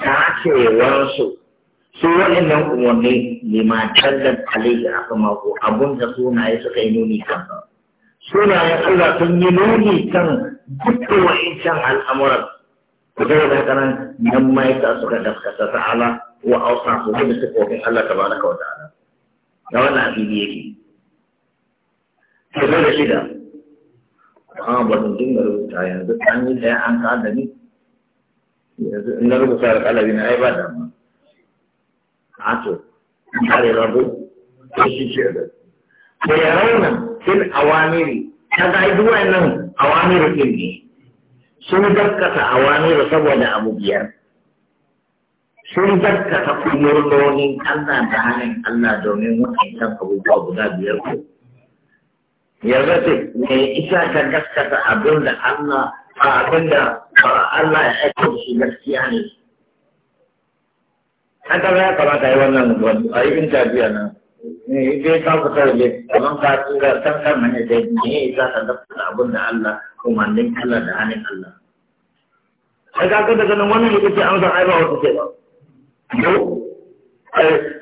داخل ورسو su wa'annan umarni lima tallar alaihi aka mako abun da sunaye suka yi nuni kansa sunayen Allah sun yi nuni kan dukkan wa'ancan al'amuran ku zai da haka nan nan ma'aika suka daskata ta'ala wa ausa su da sifofin Allah ta baraka wa ta'ala da wannan abin yake ku zai da shida a ba zan dinga rubuta yanzu an yi daya an ka da ni yanzu in na rubuta da kalabi na ai ba damu ato kare rabu ko shi ce da ko ya rauna fil awamiri ta ga duk wannan awamiri din ne sun dakkata awamiri saboda abu biyar sun dakkata kumurnonin Allah da hannun Allah domin wa'ancan abubuwa guda biyar ko yanzu ce me isa ta dakkata abin da Allah abin da Allah ya aiko shi gaskiya ne an kama ya kamata yi wannan wani a yi interview nan dai ka fita waje kamar ka tura san kan nan da ne za ka dafa abin da Allah umarnin Allah da hannun Allah sai ka ga daga nan wannan yake an san ai ba wata ce ba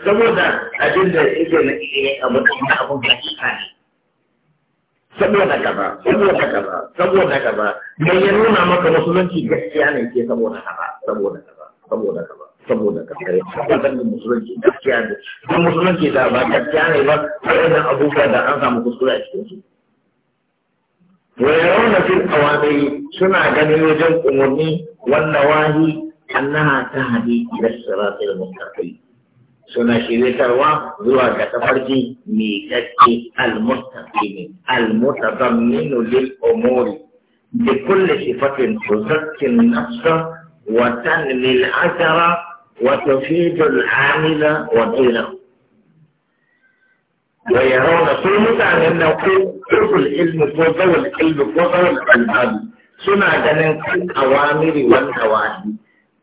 saboda abin da yake na abin da abin da ne saboda kaba saboda kaba saboda kaba mai ya nuna maka musulunci gaskiya ne ke saboda saboda kaba saboda kaba. saboda kasar ya tabbatar da musulunci gaskiya ne don musulunci da ba gaskiya ne ba waɗannan abubuwa da an samu ويرون في الأوامر سنع جميع جنب أمرني والنواهي أنها تهدي إلى الصراط المستقيم سنة شريك الله ذوى كتفرجي ميكتي المستقيم المتضمن للأمور بكل صفة تزكي النفس وتنمي الأثر وتفيد العامل ودينه ويرون كل متعن انه كل العلم فوق والعلم فوق والالباب سنة جنن كل اوامر والنواهي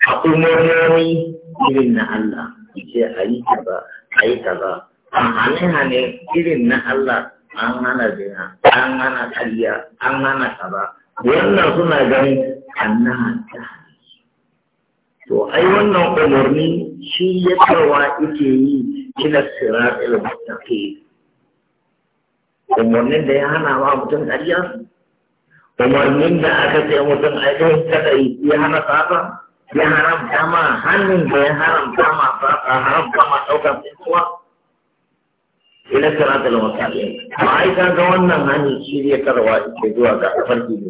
حكموني من الله يجي اي كذا اي كذا هاني هاني إذن الله an hana zina an hana karya an hana kaza wannan suna ganin annaha ta to ai wannan umarni shi ya tsawa ike yi ila siratul mustaqim umarnin da ya hana wa mutum ƙarya umarnin da aka ce mutum aikin kada ya hana sata ya haramta ma hannun da ya haramta ma sata haramta ma ɗaukar tsintuwa ila siratul mustaqim ba ai ga wannan hanyar shirya tarwa ike zuwa ga farki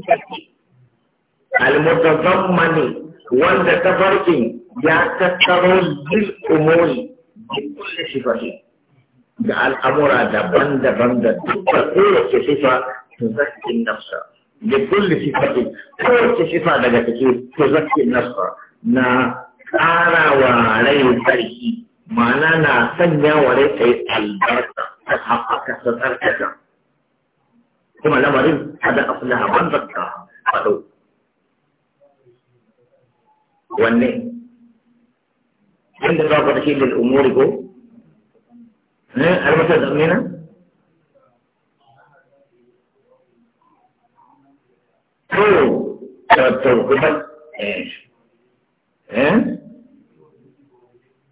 da al-mutazammani wanda tafarkin ya tattaro bil umuri da kulle sifahi da al'amura daban-daban da dukkan kowace shifa ta zakin nafsa da kulle sifati kowace shifa, daga take ta zakin nafsa na ƙara wa rai sarki ma'ana na sanya wa rai tsaye albarka ta haɓaka ta tsarkaka kuma lamarin hada aflaha haɓar zakka a ɗauka wanne inda za ku da shi lil umuri ko ne eh, almasa da mina to to kuma eh eh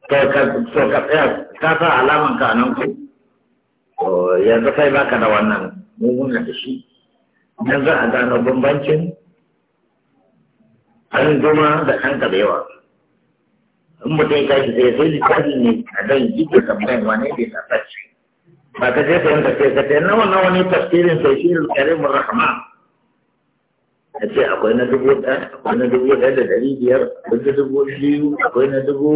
to ka to ka ka sa alaman ka nan ku to yanzu sai baka da wannan mu muna da shi yanzu a gano bambancin an goma da da yawa in mutum ya tashi sai sai littafi ne a dan jike tambayan wane bai na tashi ba ka je sayan tafiya ka ce nawa nawa ne tafsirin sai shi karimin rahama a ce akwai na dubu ɗaya akwai na dubu ɗaya da ɗari biyar akwai na dubu biyu akwai na dubu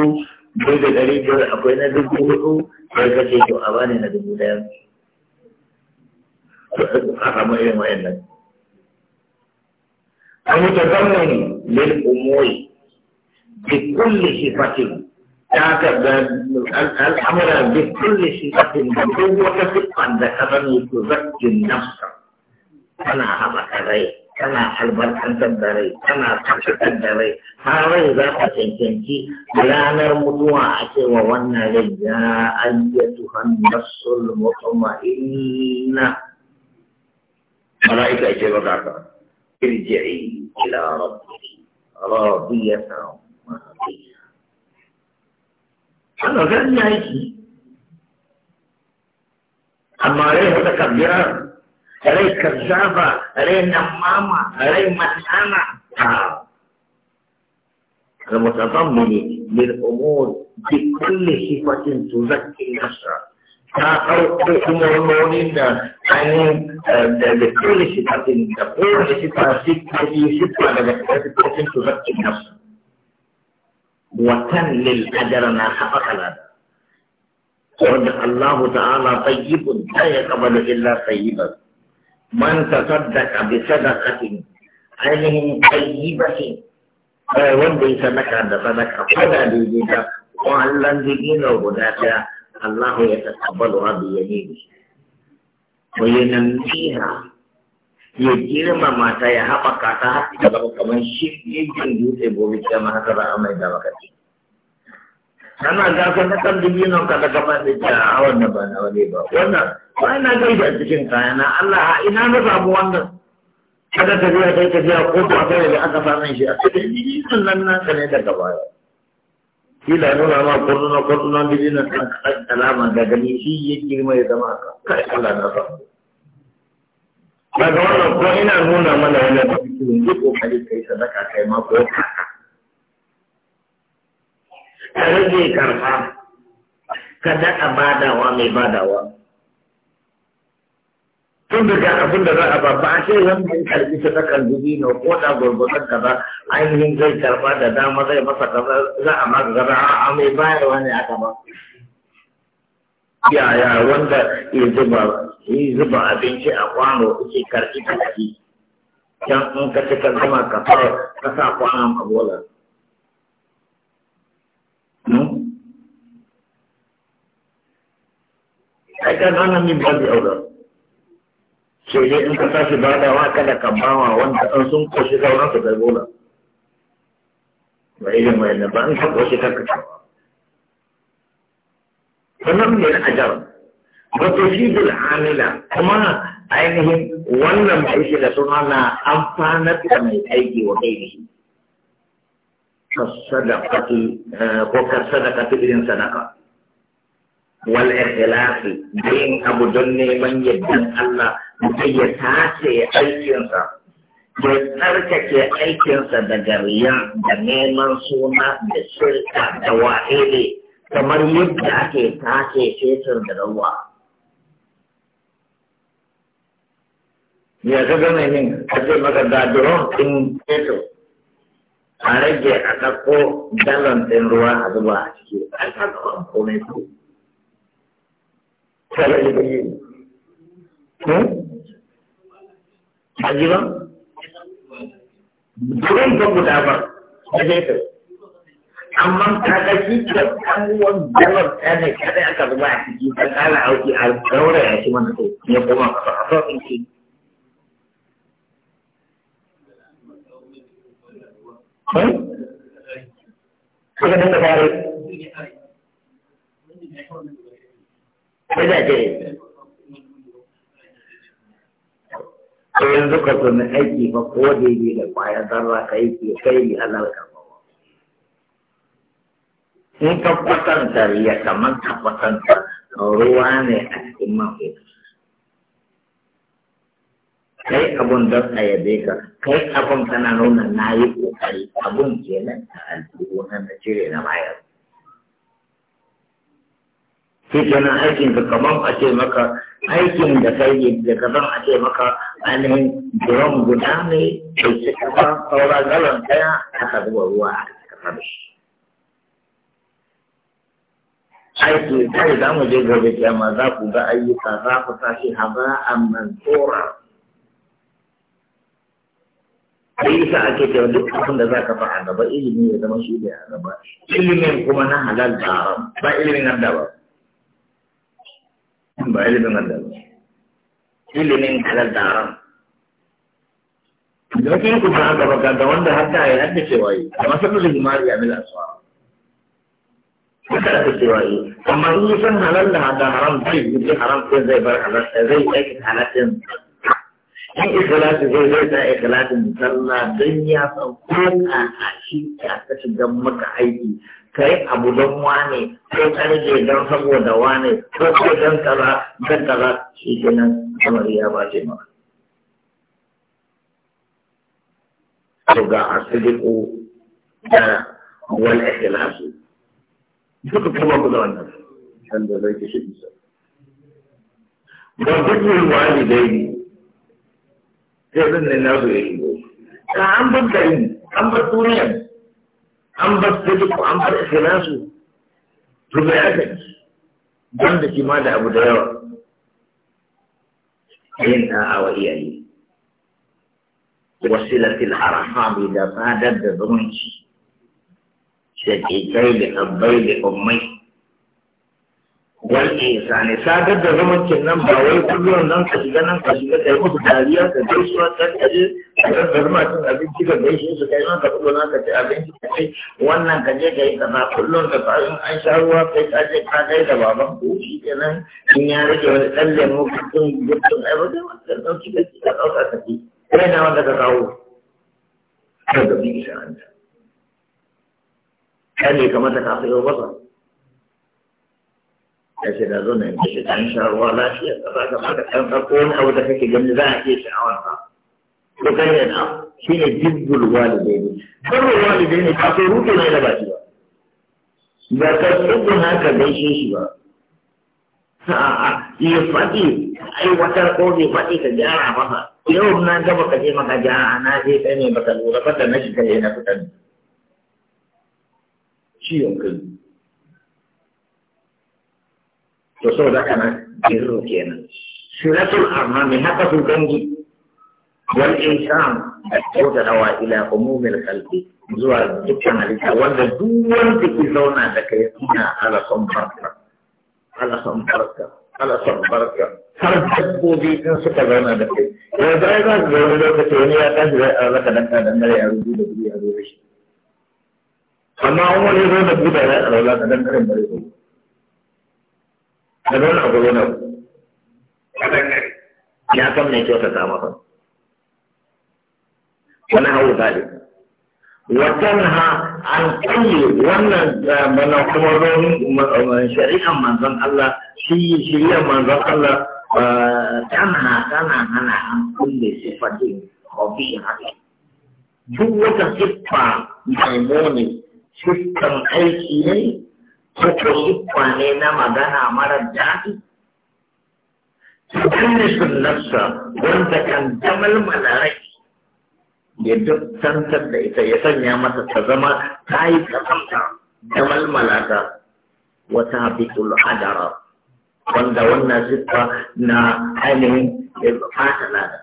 biyu da ɗari biyar akwai na dubu hudu sai ka ce to a bani na dubu ɗaya a samu irin wayan المتضمن للأمور بكل صفة الأمر بكل صفة بقوة صفة ذكرني تزكي النفس أنا هذا كذي أنا البر أنت الدري أنا تحت الدري هذا إذا فتنتي لا نرمتوا أتي ووانا لجاء أيتها النفس المطمئنة ملائكة إجابة ارجعي إلى ربك راضية مرضية أنا غني ناجي أما ليه متكبرة ليه كذابة ليه نمامة ليه منانة المتضمن للأمور بكل صفة تزكي نفسها ta ɗauko umarnonin da an yi da ainihin shi eh, kowane shifafin da shi kowane shifa shi shifa daga shifafin tuzarcin nafsu watan lil ajara na haɓaka lada wanda Allah ta'ala tayyibun la yaqbalu illa tayyiban man ta tasaddaqa bi sadaqatin ainihin tayyibatin eh, wanda ya sadaka da sadaka fada daidai ta ko Allah zai gina guda ɗaya الله يتقبلها بيمينه وينميها ya girma mata ya haɓaka ta har ta zama kamar shi yajin dutse gobe kiyama haka za mai da maka ce. Ana gasa na kan dubi nan ka daga masu ta a wannan ba na wani ba. Wannan ba na gaida a cikin kayana Allah ina na samu wannan. Kada tafiya yi tafiya ko ba ta yi da aka samun shi a cikin sannan nan ka ne daga baya. kila nuna ma kwarzuna kwarzuna gidi na kan kaɗan alama da gani shi ya girma ya zama kai Allah na sa. Daga wannan ko ina nuna mana wani da suke kokari kai sadaka kai ma ko ka. Ka rage karfa, ka daɗa badawa mai badawa. tun da ga abin da za a ba ba sai wanda ya karbi takan dubi na ko da da kaza ainihin zai karba da dama zai masa kaza za a maka kaza a mai bayarwa ne aka ba yaya wanda ya zuba ya zuba abinci a kwano yake karbi ta ciki can in ka ci ka zama ka fara ka sa kwano a bola hmm? ai kan ana min babu aure sai dai in ka tashi badawa kada ka bawa wanda an sun koshi sauran su kai bola ba irin mai ba in ka koshi kanka cewa sannan na ajar ba to shi bil amila kuma ainihin wannan mai shi da suna na amfanar da mai aiki wa kai ne kasadaqati eh, ko kasadaqati irin sadaka wal ikhlasi yin abu don neman yaddan Allah da ya tace aikinsa ya tsarkake aikinsa daga riya da neman suna da shirka da wa'ili kamar yadda ake tace fetur da rawa ya ga gama yin kaje maka da ɗin fetur a rage a ɗauko galon ɗin ruwa a zuba a ciki a ɗauko komai su. Kala ibayi. ba ji ba guda ba da dai ka amma ka ga shi da kanwan dalar ta ne kada aka zuba a ciki ta kala auki a daura ya shi mana kai ya koma ka a sauƙin shi Kuka dinga tare. Kuka dinga tare. to yanzu ka tuni aiki ba ko daidai da kwayar zarra ka yi ke kai ne Allah ka in ka kwatanta ya kamar ka kwatanta ruwa ne a cikin man kai abun don a yabe ka kai abun kana nuna na yi kokari abun nan a aljihu na na cire na bayar shi kenan aikin ka kamar a ce maka aikin da kai yi da gaban a ce maka ainihin drum guda ne da su kafa saura galon daya aka zuba ruwa a kafa da shi aiki kai za mu je gobe amma za ku ga ayyuka za ku tashi haba a mantora ayyuka ake cewa duk abin da za ka fa a gaba ilimin ya zama shi da a gaba ilimin kuma na halal ba ilimin nan da ba ba ilimin Allah ba halal da haram da wata ku ta wanda har da ya hadda cewa yi amma sabbin limari ya mil aswa haka amma halal da hada haram zai yi haram sai zai bar halal zai aiki halalin in ikhlasi zai zai ta ikhlasin sallah don ya san ko a shi aiki Kai yi abu don wane ko ka rage don saboda wane ko ko don kaza don kaza shi kenan kamar ya ba ce maka to ga asidiku da wal ikhlasu duka kuma ku da wannan dan da zai kishi bisa ba ku yi wani dai sai zan ne na zo yi ta an bar yi an bar duniya an bar sadiku an bar ikhlasu to me aka yi don da kima da abu da yawa yin da'a wa iyaye wasilatil arhami da sadar da zumunci shakikai da abbai da ummai wal ihsani sadar da zamancin nan ba wai kullum nan ka shiga nan ka shiga kai musu dariya ka gaisuwa su ka je ka da zama cin abinci ka gaishe su kai ma ka kullum na ka ci abinci ka kai wannan ka je ka yi kaza kullum da bayan an sha ruwa kai ka je ka kai da baban ku shi kenan in ya rage wani dan mu. ka tun gudun ai wajen ka dauki da ka dauka ka ci kai na wanda ka kawo ka ga bi isa an ta kai kamata ka sayo ba أجل أظن إن شئت إن شاء الله لا شيء أراد أن أقول أو دخلت قبل ذلك إيش أعرف وكان هنا شين جد الوالدين كل الوالدين يحصلوا كما إلى باتوا بكتب هناك بيش إشوا يفتي أي وتر قوي يفتي تجارة فها يوم نجب كذي ما جاء أنا ذي ثاني بكتب ولا بكتب نجد كذي نكتب شيء يمكن to saboda kana birru kenan suratul arhami haka su dangi wal insan ko da dawa ila umumil qalbi zuwa dukkan halitta wanda duk wanda ke zauna da kai ina ala son barka ala son barka ala son barka har dabbobi din suka zauna da kai yau da ya za su zauna lokaci wani ya tashi zai a ka danka dangare a rubu da guri a zo da shi amma wani zo da guri a zaka dangare bare da da nuna abu wani abu ya san ne kyauta ta masa wani hau zali watan ha an kalli wannan eh, mana kuma rohin shari'an manzan Allah shi shari'an manzon Allah eh, tana tana hana an kulle sifatin kofi haka duk wata siffa mai muni sifan aiki ne suka yi kwane na magana marar daɗi cikin sunnarsa wanda kan jamalmala rai ya duk tantar da ita ya sanya masa ta zama ta yi tsamta jamalmala ta wata hafi habitul adara wanda wannan siffa na ainihin ya fata lada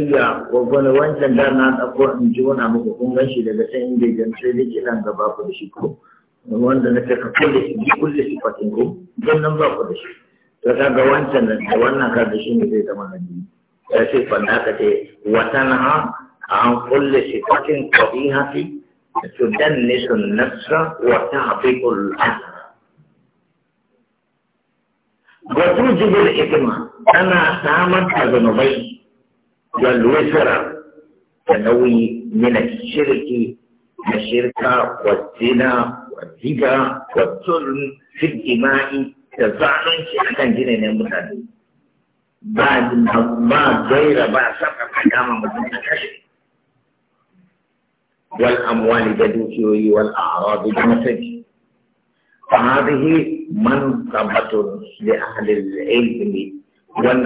ayya wani wancan da na ɗauko in ji wani muku kun gan shi daga can inda jan sai da ke nan gaba ku da shi ko wanda na ka kulle shi kulle shi fatin ko don nan ba ku da shi to ka ga wancan da wannan ka da shi ne zai zama nabi ya ce fanda ka ce watan ha an kulle shi fatin qabihati tudannisu nafsa wa tahfiqu al-asr wa tujibu al-ithma ana samar da zanubai wal wisra da nauyi min al-shirki da shirka wa zina jiga kwatul fil imai da zalunci a kan jinanen mutane ba a gaira ba saka ka kama mutum ta kashe wal amwali da dukiyoyi wal a'radi da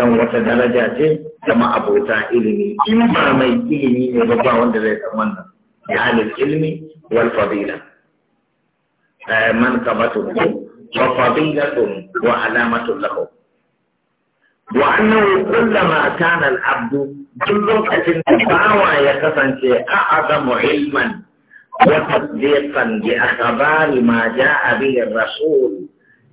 wata daraja ce da ma'abota ilimi وتدرجة كما أبو تعلمي إما ما يكيني يبقى وأن لا يتمنى لأهل العلم والفضيلة منقبته وفضيلة وعلامة له وأنه كلما كان العبد كل كتن باوى يكسن أعظم علما وتصديقا بأخبار ما جاء به الرسول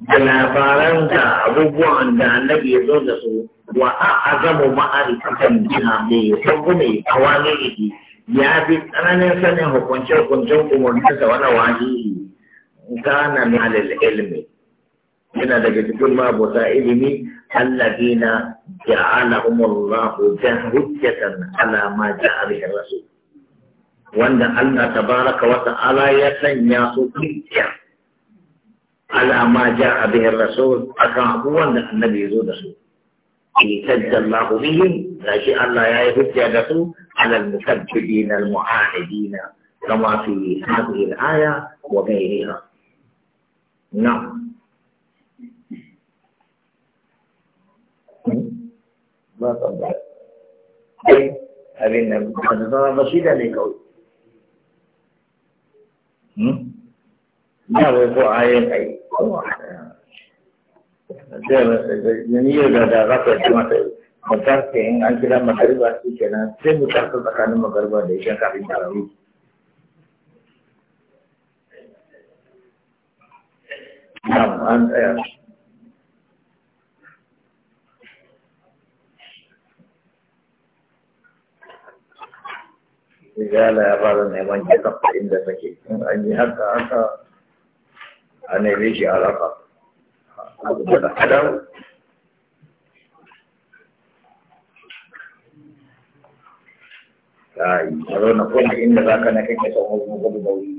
على فارنتا أبو عند النبي يدرسه وأعظم معرفة بها بحكم أوامره يا بيت أنا نسأل حكم شوكم شوكم ونسأل وأنا واجهه كان مال العلم هنا الذي تقول ما بوتا علمي الذين جعلهم الله حجة على ما جاء به الرسول وان الله تبارك وتعالى يسمي حجة على ما جاء به الرسول أكابو وان النبي يزود رسول يسجد الله بهم لا شيء الله يا حجة على المكذبين المعاهدين كما في هذه الآية وغيرها na hmm? ba ta ba ai abin nan ba ta zama ba shida ne kawai na hmm? wai ko ayin ai yanzu da da za ka yi mata mutar ke in an kira magariba ke nan sai mutar ta tsakanin magariba da ishan kafin tararu نعم أنت يا Rijala ya fara neman kitab inda take, in an yi haka haka a neme shi da adam ta yi, na inda za ka na kake son wasu gudu da wuri.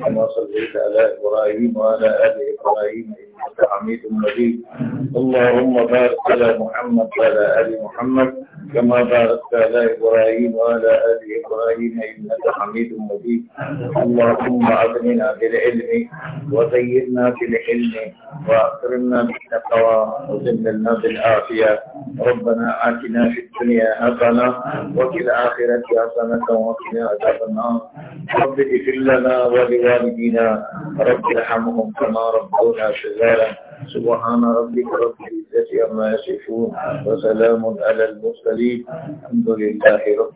كما صليت على إبراهيم وعلى آل إبراهيم إنك حميد مجيد اللهم بارك على محمد وعلى آل محمد كما باركت على إبراهيم وعلى آل إبراهيم إنك حميد مجيد اللهم أغننا بالعلم وزيدنا بالعلم وأكرمنا بالتقوى وزملنا بالعافية ربنا آتنا في الدنيا حسنة وفي الآخرة حسنة وقنا عذاب النار رب اغفر لنا ولي ولوالدينا رب ارحمهم كما ربونا صغارا سبحان ربك رب العزة عما يصفون وسلام على المرسلين الحمد لله رب